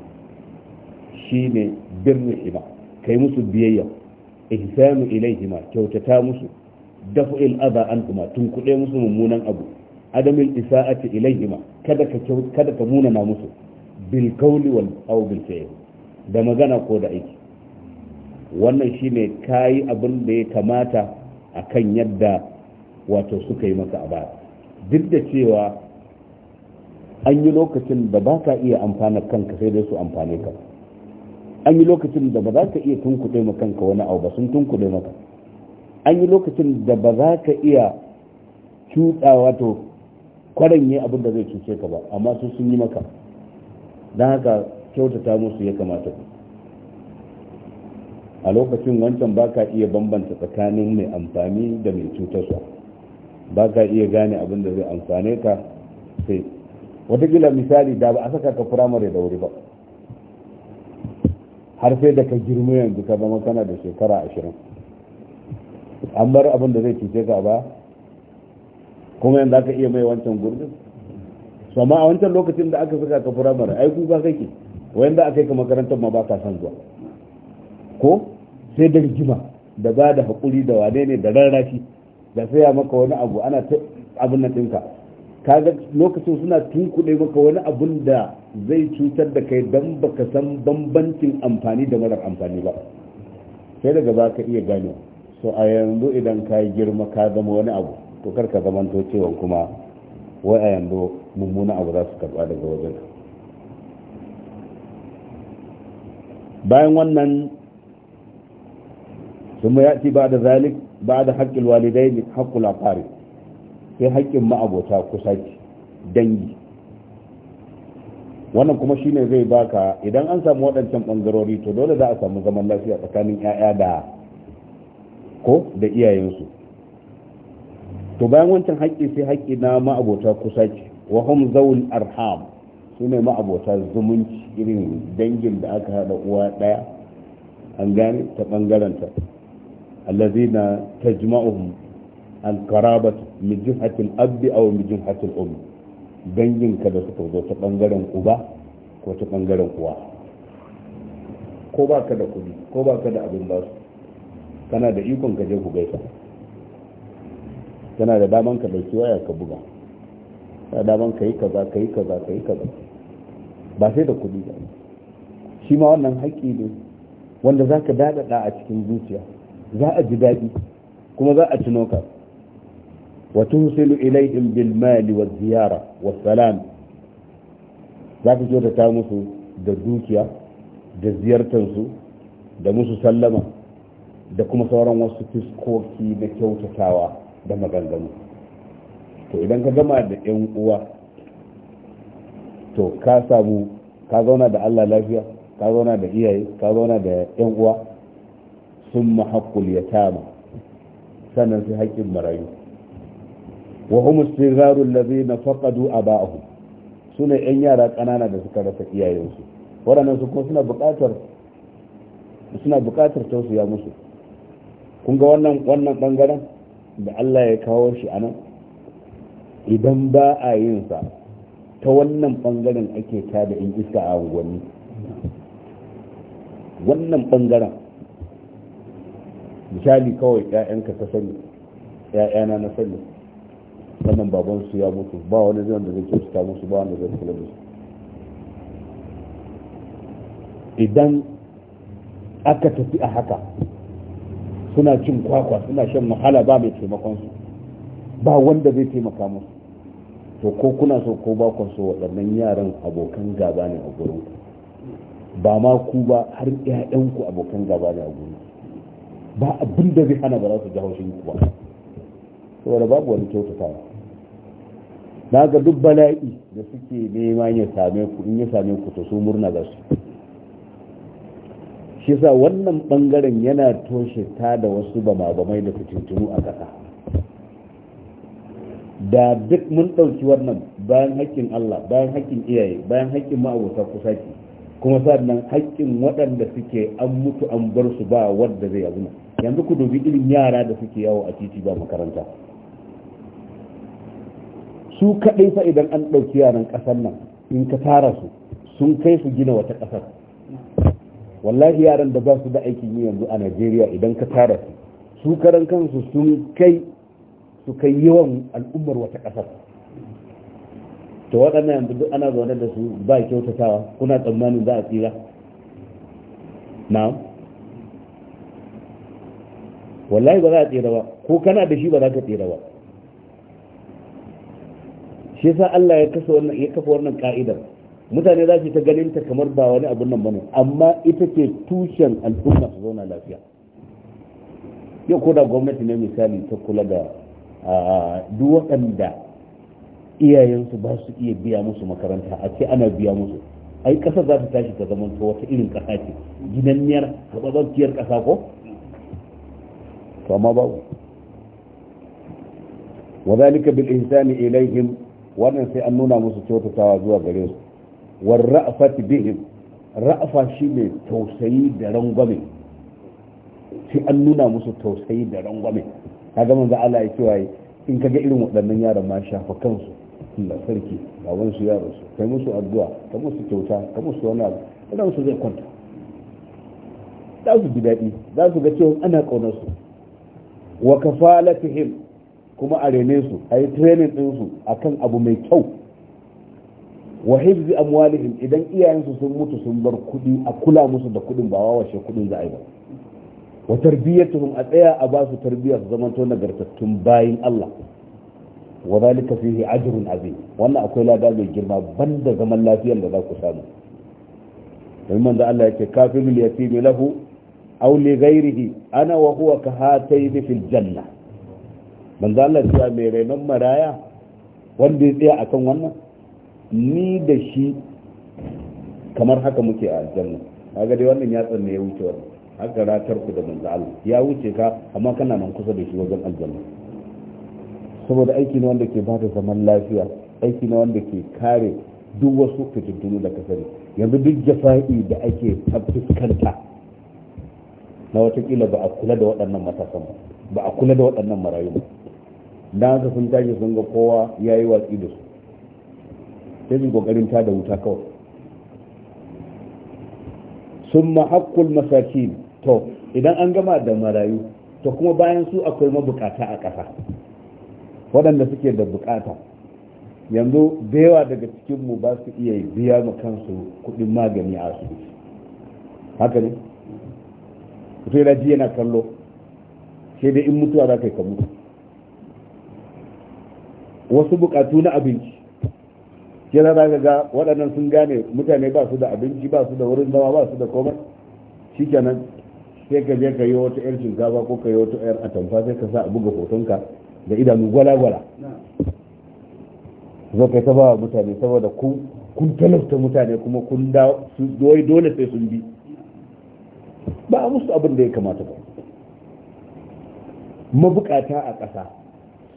shine birrihima kai musu biyayya ihsanu ilaihima kyautata musu daf'il adha anhuma tun kuɗe musu mummunan abu adamin isa'ati ilaihima kada ka kada ka munana musu bil qawli wal aw bil da magana ko da aiki wannan shi ne ka yi abin da ya kamata a kan yadda wato suka yi maka a duk da cewa an yi lokacin da ba ka iya amfana kanka sai dai su amfane ka an yi lokacin da ba za ka iya tunkuɗe ma kanka wani abu ba sun tunkuɗe maka an yi lokacin da ba za ka iya cutsawa to kwaranye abin da zai cuce ka ba amma su sun yi maka don haka kyautata musu ya kamata ku a lokacin wancan ba ka iya bambanta tsakanin mai amfani da mai cutarsa ba ka iya gane abin da zai amfane ka sai watakila misali da ba a saka ka firamare da wuri ba har sai da ka girma yanzu ka zama kana da shekara ashirin an bar abin da zai cuce ka ba kuma yanzu aka iya mai wancan gurbin sama a wancan lokacin da aka saka ka firamare ai ku ba kake wanda aka yi ka makarantar ma ba ka san zuwa ko sai da rigima da ba da haƙuri da wane ne da rarrafi da saya maka wani abu ana ta abin na ɗinka kaga lokacin suna tunkuɗe maka wani abun da zai cutar da kai don baka san bambancin amfani da marar amfani ba sai daga ba ka iya gane so a yanzu idan ka yi girma ka zama wani abu to kar ka zamanto cewa kuma wai a yanzu mummuna abu za su karɓa daga wajen bayan wannan ba da zalik ba da haƙƙin walidai ne haƙƙu lafari sai haƙƙin ma'abota kusa dangi wannan kuma shine zai baka idan an samu waɗancan ɓangarori to dole za a samu zaman lafiya tsakanin 'ya'ya da ko da iyayensu to bayan wancan haƙƙi sai haƙƙi na ma'abota kusa ce wa hum zawul arham su ne ma'abota zumunci irin dangin da aka haɗa uwa ɗaya an gane ta ɓangaranta ta tajma'uhum alkarabat min jihatil abbi aw mijin jihatil um dangin ka da suka zo ta ɓangaren uba ko ta ɓangaren uwa ko ba ka da kudi ko ba ka da abin ba su kana da ikon ka je ku gaisa kana da daman ka dauki waya ka buga da daman ka yi kaza ka yi kaza ka yi kaza ba sai da kuɗi ba shi ma wannan haƙƙi ne wanda za ka daɗaɗa a cikin zuciya za a ji daɗi kuma za a tunoka ka wa tusilu ilaihim bil mali wa ziyara wa salam za ka kyautata musu da dukiya da ziyartar su da musu sallama da kuma sauran wasu fiskoki na kyautatawa da maganganu to idan ka gama da 'yan uwa to ka samu ka zauna da Allah lafiya ka zauna da iyaye ka zauna da yan uwa sun mahaƙul ya tama sannan sai haƙƙin marayu wa humus sigarun lazi na faƙadu a ba'ahu su yan yara kanana da suka rasa iyayensu waɗannan su kuma suna buƙatar suna buƙatar tausaya musu kun ga wannan wannan bangaren da Allah ya kawo shi a nan idan ba a yin sa ta wannan bangaren ake ta da in iska a unguwanni wannan bangaren misali kawai 'ya'yanka ta sani 'ya'yana na sani wannan babansu ya mutu ba wani zan da zai kyauta musu ba wanda zai kula musu. idan aka tafi a haka suna cin kwakwa suna shan mahala ba mai taimakon su, ba wanda zai taimaka musu to ko kuna so ko ba ku so waɗannan yaran abokan gaba ne a gurin ku ba ma ku ba har 'ya'yanku ku abokan gaba ne a gurin ba abin da zai hana ba za su ji haushin ku ba saboda babu wani kyautatawa na ga duk bala'i da suke nema ya same ku in ya same ku to su murna za su shi sa wannan bangaren yana toshe ta da wasu bama-bamai da fitintunu a ƙasa da duk mun ɗauki wannan bayan haƙƙin Allah bayan haƙƙin iyaye bayan haƙƙin ma'abota kusa ki kuma sannan haƙƙin waɗanda suke an mutu an bar su ba wanda zai abuna yanzu ku dubi irin yara da suke yawo a titi ba makaranta su kaɗai fa idan an ɗauki yaran ƙasar nan in ka tara su sun kai su gina wata ƙasar wallahi yaran da ba su da aikin yi yanzu a najeriya idan ka tara su su karan kansu sun kai su kai yawan al'ummar wata ƙasar to waɗannan yanzu duk ana zaune da su ba kyautatawa kuna tsammanin za a tsira na'am wallahi ba za a tsira ba ko kana da shi ba za ka tsira ba shi yasa Allah ya kasa wannan ya kafa wannan ka'idar mutane za su ta ganin ta kamar ba wani abun nan bane amma ita ce tushen al'umma su zauna lafiya yau ko da gwamnati ne misali ta kula da duk waɗanda iyayensu ba su iya biya musu makaranta a ce ana biya musu ai ƙasa za ta tashi ta zama wata irin ƙasa ce ginanniyar karɓaɓɓiyar ƙasa ko to amma babu wa zalika bil ihsani ilaihim wannan sai an nuna musu kyautatawa zuwa gare su war ra'afa shi ne tausayi da sai an nuna musu tausayi da rangwame kaga manzo Allah ya cewa in kaga irin waɗannan yaran ma shafa kansu Allah sarki baban su yaro su kai musu addu'a ka musu kyauta ka musu wani abu idan su zai kwanta za su ji daɗi za su ga cewa ana ƙaunar su wa kafalatihim kuma a rene su a yi training din su akan abu mai kyau wa hifzi amwalihim idan iyayensu sun mutu sun bar kuɗi a kula musu da kuɗin ba wawashe kuɗin za a yi ba wa tarbiyatuhum a tsaya a ba su tarbiyar zamanto nagartattun bayin Allah wa zalika fihi ajrun azim wannan akwai lada mai girma banda zaman lafiyar da za ku samu domin manzo Allah yake kafilul yatimi lahu aw li ghairihi ana wa huwa ka hatayni fil janna manzo Allah cewa mai rainon maraya wanda ya tsaya akan wannan ni da shi kamar haka muke a aljanna kaga dai wannan ya tsanne ya wuce wannan aka ratar ku da manzo Allah ya wuce ka amma kana nan kusa da shi wajen aljanna saboda aiki ne wanda ke ba zaman lafiya aiki ne wanda ke kare duk wasu fitintunu da kasari yanzu duk jafa'i da ake fuskanta na watakila ba a kula da waɗannan matasan ba a kula da waɗannan marayu ba da haka sun tashi sun ga kowa ya yi watsi da su sai su kokarin ta da wuta kawai sun haƙƙul masakin to idan an gama da marayu to kuma bayan su akwai mabukata a ƙasa waɗanda suke da bukata yanzu bewa daga cikinmu ba su iya biya ma kansu kuɗin magani a asibiti haka ne yana ji yana kallo sai dai in mutuwa za ka yi ka mutu wasu bukatu na abinci kira za ka ga waɗannan sun gane mutane ba su da abinci ba su da wurin zama ba su da komai shikenan sai ka je ka yi wata yar shinkafa ko ka yi wata yar atamfa sai ka sa a buga hotonka da idanu gwala-gwala zo kai ta mutane saboda kun talauta mutane kuma kun da dole sai sun bi ba a musu abin da ya kamata ba mabukata a ƙasa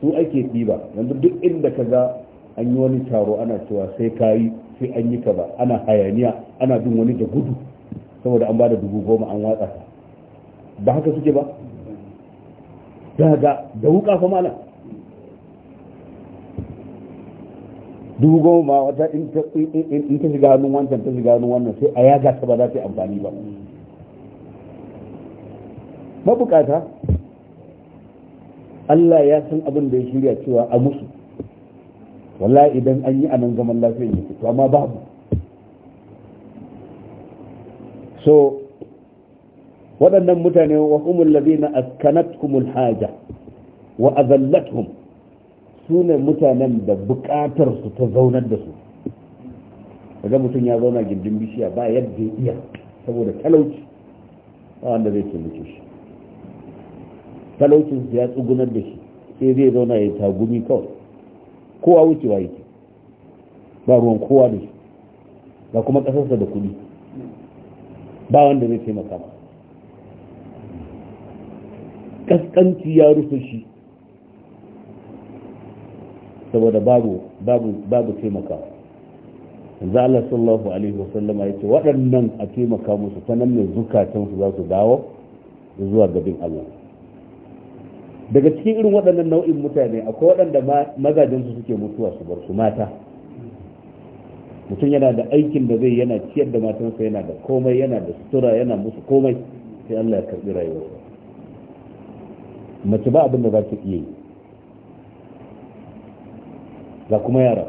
su ake ɗiba yanzu duk inda ka ga an yi wani taro ana cewa sai ka yi sai an yi ka ba ana hayaniya ana bin wani da gudu saboda an ba da dubu goma an watsa ba haka suke ba daga da wuka fa mana dubu goma ma wata in ta shiga hannun wancan ta shiga hannun wannan sai a yaga ta ba za ta yi amfani ba mabukata Allah ya san abin da ya shirya cewa a musu wallahi idan an yi anan zaman lafiya ne to amma babu so waɗannan mutane wa humul ladina askanatkumul haja wa azallatuhum sune mutanen da bukatar su ta zaunar da su kaga mutum ya zauna gindin bishiya ba yadda ya iya saboda talauci ba wanda zai taimake shi talaucin ya tsugunar da shi sai zai zauna ya tagumi kawai kowa wucewa yake ba ruwan kowa da shi ba kuma kasarsa da kuɗi ba wanda zai taimaka ba kaskanci ya rufe shi saboda babu babu babu taimakawa yanzu Allah sallallahu alaihi wasallama ya ce waɗannan a taimaka musu ta nan ne su za su dawo zuwa gabin Allah daga cikin irin waɗannan nau'in mutane akwai waɗanda mazajensu suke mutuwa su bar su mata mutum yana da aikin da zai yana ciyar da matansa yana da komai yana da sutura yana musu komai sai Allah ya karɓi rayuwarsa mace ba abin da za ta iya yi ga kuma yara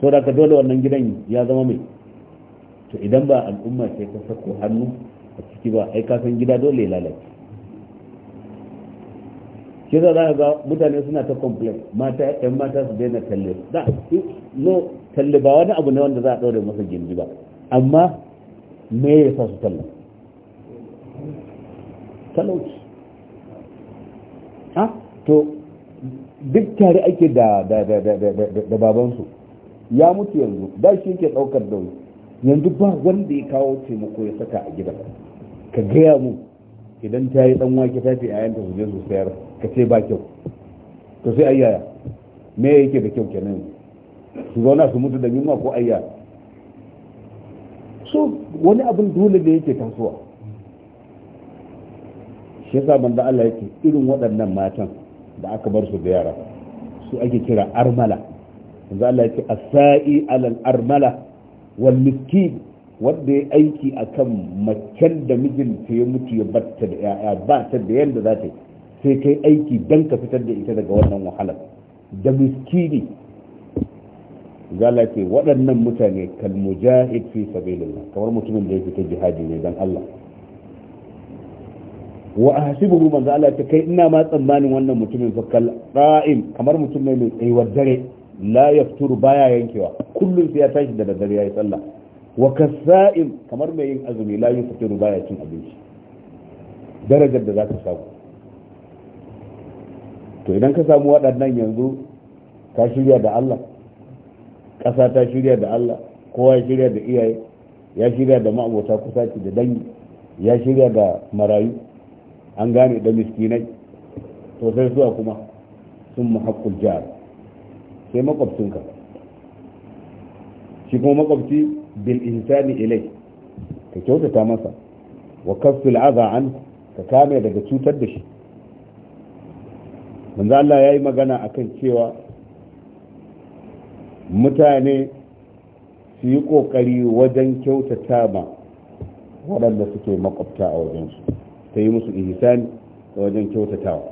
sau da ka dole wannan gidan ya zama mai to idan ba al'umma ce ka sako hannu a ciki ba ai kasan gida dole ya lalace shi za ga mutane suna ta complain mata yan mata su daina talle da no talle ba wani abu ne wanda za a ɗaure masa gindi ba amma me ya sa su talle talauci to duk tare ake da da babansu ya mutu yanzu da shi yake daukar nauyi yanzu ba wanda ya kawo taimako ya saka a gida ka gaya mu idan ta yi dan wake ta ce ayanta su je su sayar ka ce ba kyau to sai ayyaya me yake da kyau kenan su zauna su mutu da yunwa ko ayyaya so wani abin dole ne yake tasowa shi yasa manzo Allah yake irin waɗannan matan da aka bar su da yara su ake kira armala manzo Allah yake asai alal armala wal wanda ya aiki akan macen da mijinta ya mutu ya batta da yaya ba ta da yanda za ta sai kai aiki dan ka fitar da ita daga wannan wahalar da miskini zala ce waɗannan mutane kalmujahid fi sabilillah kamar mutumin da ya fita jihadi ne dan Allah wa ahsibuhu manzo Allah ta kai ina ma tsammanin wannan mutumin fa kal qa'im kamar mutum ne mai tsayuwar dare la yafturu baya yankewa kullum sai ya tashi da dare yayi sallah wa kasa'im kamar mai yin azumi la yafturu baya cin abinci darajar da zaka samu to idan ka samu waɗannan yanzu ka shirya da Allah ƙasa ta shirya da Allah kowa ya shirya da iyaye ya shirya da ma'abota kusaci da dangi ya shirya da marayu an gane da miskinai to sai zuwa kuma sun mahaƙul jihar sai makwabcinka shi kuma makwabci bil insani ilai ka kyautata masa wa kafsul aza an ka kame daga cutar da shi manzo Allah ya yi magana akan cewa mutane su yi ƙoƙari wajen kyautata ma waɗanda suke makwabta a wajensu ta yi musu ihsani a wajen kyautatawa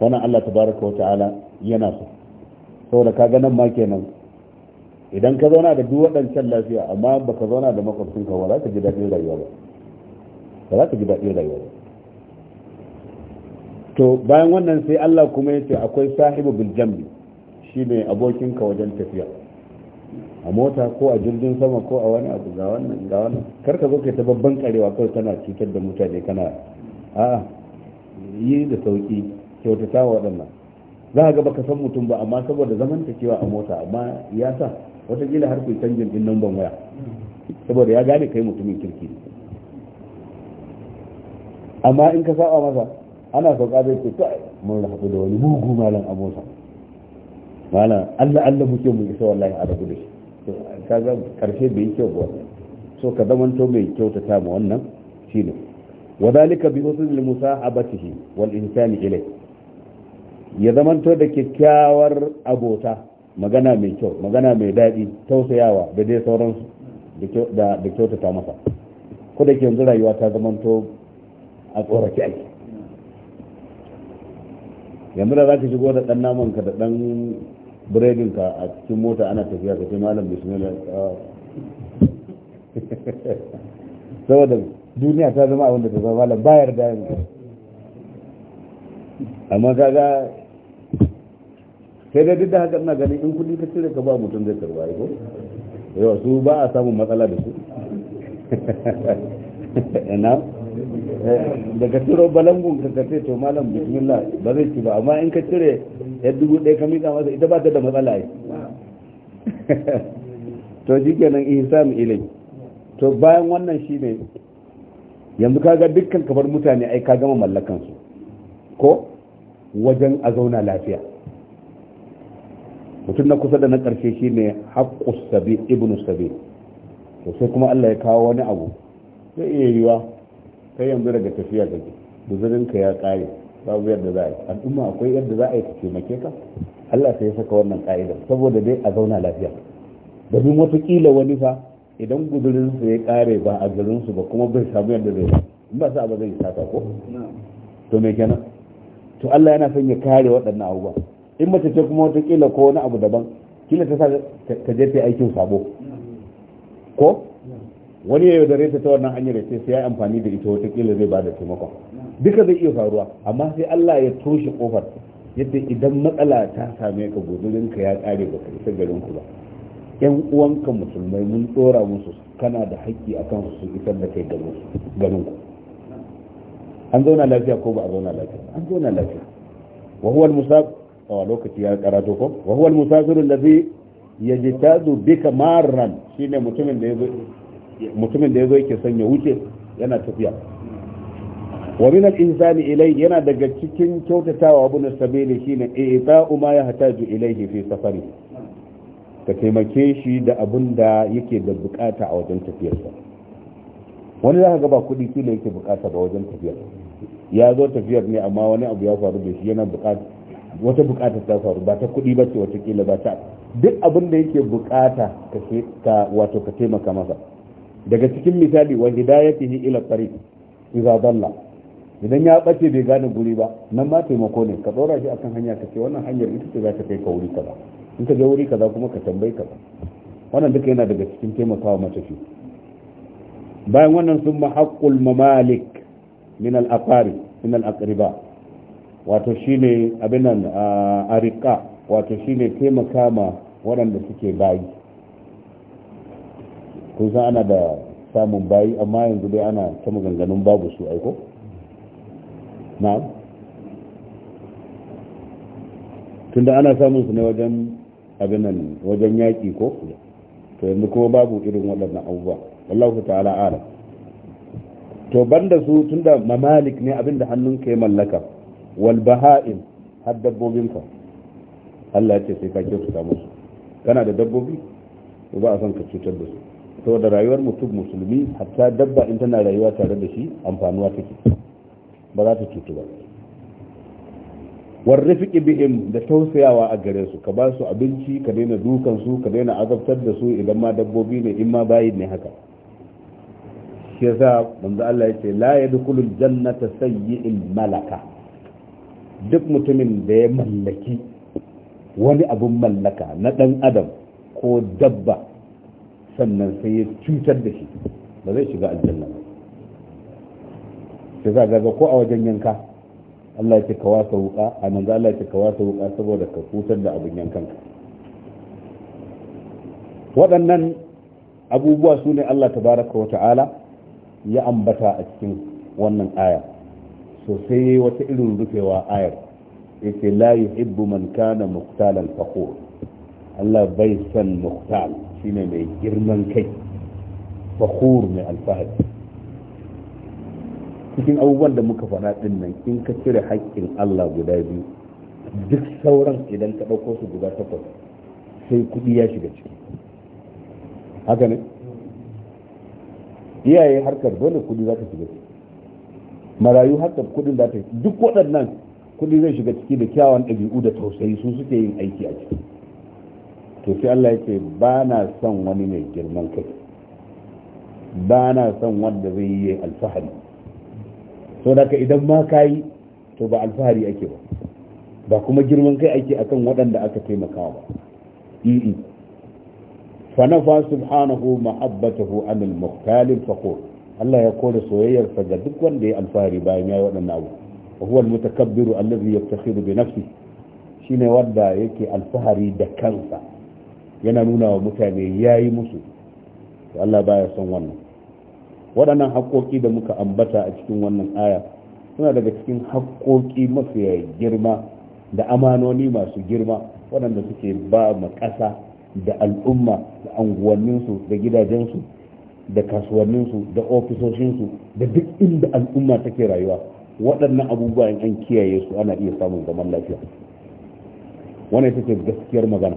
wannan Allah tabaraka wata'ala yana so saboda ga nan ma kenan idan ka zauna da duk waɗancan lafiya amma baka zauna da ka ba za ka ji daɗin rayuwa ba ba za ka ji daɗin rayuwa ba to bayan wannan sai Allah kuma ya ce akwai sahibu biljambi shi ne abokinka wajen tafiya a mota ko a jirgin sama ko a wani abu ga wannan ga wannan kar ka zo kai ta babban karewa kawai tana cikar da mutane kana a'a yi da sauki kyautata wa waɗannan za ka ga baka san mutum ba amma saboda zaman ta kewa a mota amma ya sa watakila har kai canjin din nan ban waya saboda ya gane kai mutumin kirki ne amma in ka saba masa ana sauka zai ce kai mun rahabu da wani mugu malam a mota mana Allah Allah muke mu isa wallahi a rabu da shi kaga karshe bai kyau ba wannan so ka zamanto mai kyautata ma wannan shine wadalika bi usul musahabatihi wal insan ilay ya to da kyakkyawar abota magana mai kyau magana mai daɗi tausayawa da dai sauransu da kyautata masa ko da ke yanzu rayuwa ta zamanto a tsoraki ake yanzu da za ka shigo da ɗan namanka da ɗan biredin ka a cikin mota ana tafiya ka ce malam bismillah saboda duniya ta zama abin da ta zama malam bayar da yin amma kaga sai dai duk da haka ina ganin in kudi ka cire ka ba mutum zai karba ko yawa su ba a samun matsala da su ina Eh, daga ciro balangun ka kace to malam bismillah ba zai ci ba amma in ka cire ya dubu ɗaya ka miƙa masa ita ba ta da matsala yi to shi kenan ihsan ilai to bayan wannan shi ne yanzu ka ga dukkan kamar mutane ai ka gama mallakansu ko wajen a zauna lafiya mutum na kusa da na ƙarshe shi ne haƙƙus sabi ibnu sabi to sai kuma Allah ya kawo wani abu zai iya yiwa kai yanzu daga tafiya kake guzurinka ya kare babu yadda za a yi al'umma akwai yadda za a yi ta taimake ka Allah sai ya saka wannan ka'idar saboda dai a zauna lafiya domin watakila wani fa idan guzurinsa ya kare ba a garinsu ba kuma bai samu yadda zai ba in ba sa ba zai sata ko to me kenan to Allah yana son ya kare waɗannan abubuwa in mace ce kuma watakila ko wani abu daban kila ta sa ka je ta aikin sabo ko wani ya yaudare ta ta wannan hanyar sai sai ya amfani da ita kila zai ba da taimakon duka zai iya faruwa amma sai Allah ya toshe kofar yadda idan matsala ta same ka ka ya kare ba ka garin ku ba yan uwanka musulmai mun tsora musu kana da haƙƙi akan su su isar da kai garin ku an zauna lafiya ko ba a zauna lafiya an zauna lafiya wa huwa al-musab a lokaci ya karato ko wa huwa al-musafir allazi yajtadu bika marran shine mutumin da yazo mutumin da ya zo yake son ya wuce yana tafiya wa min al-insani ilay yana daga cikin kyautatawa abu na sabili shine i'ta'u ma yahtaju ilayhi fi safari ka taimake shi da abun da yake da bukata a wajen tafiyarsa wani zaka ga ba kudi kila yake bukata ba wajen tafiyar ya zo tafiyar ne amma wani abu ya faru da shi yana bukata wata bukata ta faru ba ta kudi ba ce wata kila ba ta duk abin da yake bukata ka wato ka taimaka masa daga cikin misali wa hidayatihi ila tariq idza dalla idan ya bace bai gane guri ba nan ma taimako ne ka dora shi akan hanya ka ce wannan hanyar ita ce za ta kai ka wuri kaza in ka je wuri kaza kuma ka tambayi kaza wannan duka yana daga cikin taimakawa shi. bayan wannan sun haqqul mamalik min al aqari min al aqriba wato shine nan a ah, arika wato shine taimaka ma waɗanda suke bayi kun san ana da samun bayi amma yanzu dai ana ta maganganun babu su aiko na'am tunda ana samun su ne wajen abin wajen yaƙi ko to yanzu kuma babu irin waɗannan abubuwa wallahu ta'ala ala to banda su tunda mamalik ne abin da hannun ka ya mallaka wal baha'im har dabbobinka Allah ya ce sai ka kyautata musu kana da dabbobi ba a son ka cutar da su saboda rayuwar mutum musulmi hatta dabba in tana rayuwa tare da shi amfanuwa take ba za ta cutu ba warrafiki bi'im da tausayawa a gare su ka ba su abinci ka daina dukan su ka daina azabtar da su idan ma dabbobi ne in ma bayi ne haka shi yasa manzo Allah yace la yadkhulu jannata sayyi'il malaka duk mutumin da ya mallaki wani abun mallaka na dan adam ko dabba sannan sai ya cutar da shi ba zai shiga aljanna ba sai za ko a wajen yanka Allah ya ce ka wuka a manzo Allah ya ce ka wuka saboda ka cutar da abin yankan ka waɗannan abubuwa su ne Allah baraka wa ta'ala ya ambata a cikin wannan aya sosai wata irin rufewa ayar yake la yuhibbu man kana muqtalan faqur Allah bai san muqtal shine mai girman kai fakhur mai alfahad cikin abubuwan da muka faɗa ɗin nan in ka cire haƙƙin Allah guda biyu duk sauran idan ka ɗauko su guda takwas sai kuɗi ya shiga ciki haka ne iyaye harkar dole kuɗi za ta shiga ciki marayu harkar kuɗi za ta duk waɗannan kuɗi zai shiga ciki da kyawun ɗabi'u da tausayi sun suke yin aiki a ciki to sai Allah ya ce ba na son wani mai girman kai ba na son wanda zai yi alfahari so daga idan ma ka yi to ba alfahari ake ba ba kuma girman kai ake akan waɗanda aka taimaka ba fanafa subhanahu ma'abbatahu anil muhtalin fakhur Allah ya kore soyayyar sa ga duk wanda ya alfahari bayan ya yi waɗannan abu wa huwa al-mutakabbiru allazi yaftakhiru bi nafsihi shine wanda yake alfahari da kansa yana nuna wa mutane ya yi musu to Allah baya son wannan waɗannan haƙoƙi da muka ambata a cikin wannan aya suna daga cikin haƙoƙi ya girma da amanoni masu girma waɗanda suke ba ma ƙasa da al'umma da anguwanninsu da gidajensu da kasuwanninsu da ofisoshinsu da duk inda al'umma take rayuwa waɗannan abubuwa in an kiyaye su ana iya samun zaman lafiya wannan ita ce gaskiyar magana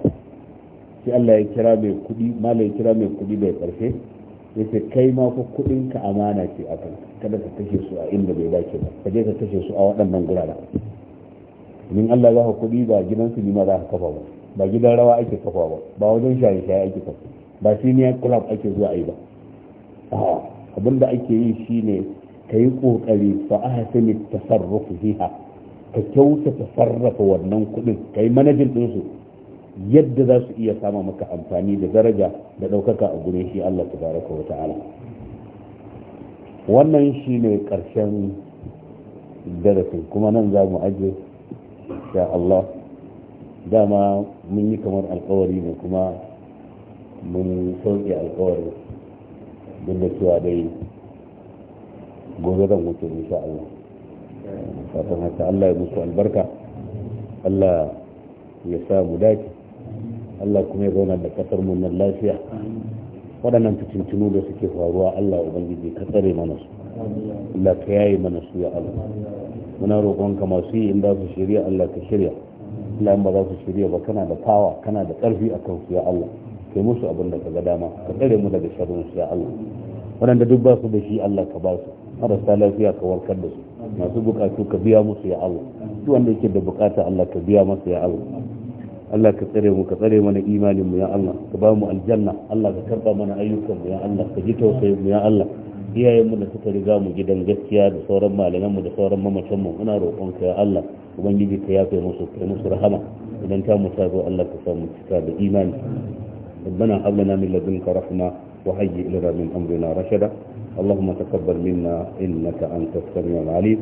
sai Allah ya kira mai kuɗi, mala ya kira mai kuɗi bai karshe ya ce kai ma fa kudin ka amana ce a kan kada ka kashe su a inda bai dace ba ka je ka kashe su a waɗannan guraren in Allah za ka kudi ba gidan su ma za ka kafa ba ba gidan rawa ake kafa ba ba wajen shaye shaye ake kafa ba senior club ake zuwa yi ba abin da ake yi shi ne ka yi kokari fa ahsani tasarrufu fiha ka kyauta tasarrafa wannan kuɗin, ka yi manajin din su yadda za su iya sama maka amfani da daraja da ɗaukaka a gurin shi Allah baraka wa ta'ala wannan shi ne ƙarshen darasin kuma nan za mu aje sha Allah dama mun yi kamar alkawari ne kuma mun sauke alkawari duk da cewa dai gobe zan wuce insha Allah fatan haka Allah ya musu albarka Allah ya samu mu dace Allah kuma ya zauna da kasar mu nan lafiya waɗannan fitintunu da suke faruwa Allah ubangiji ka tsare mana su Allah ka yaye mana su ya Allah muna roƙonka masu yi in za su shirya Allah ka shirya Allah in ba za su shirya ba kana da kawa kana da ƙarfi a kan su ya Allah kai musu abin da ka ga dama ka tsare mu daga sharrin su ya Allah waɗanda duk ba su da shi Allah ka ba su marasa lafiya ka warkar da su masu buƙatu ka biya musu ya Allah duk wanda yake da buƙata Allah ka biya masa ya Allah Allah ka tsare mu ka tsare mana imanin mu ya Allah ka ba mu aljanna Allah ka karba mana ayyukan mu ya Allah ka ji tausayin mu ya Allah iyayen mu da suka riga mu gidan gaskiya da sauran malaman mu da sauran mamacin mu muna roƙon ka ya Allah ubangiji ka yafe musu kai musu rahama idan ta mu ta Allah ka samu cika da imani ربنا هب لنا من لدنك رحمه وهيئ لنا من امرنا رشدا اللهم تقبل منا إنك أنت السميع العليم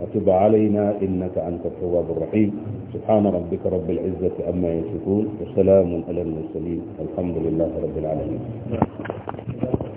وتب علينا إنك أنت التواب الرحيم سبحان ربك رب العزة عما يصفون وسلام على المرسلين الحمد لله رب العالمين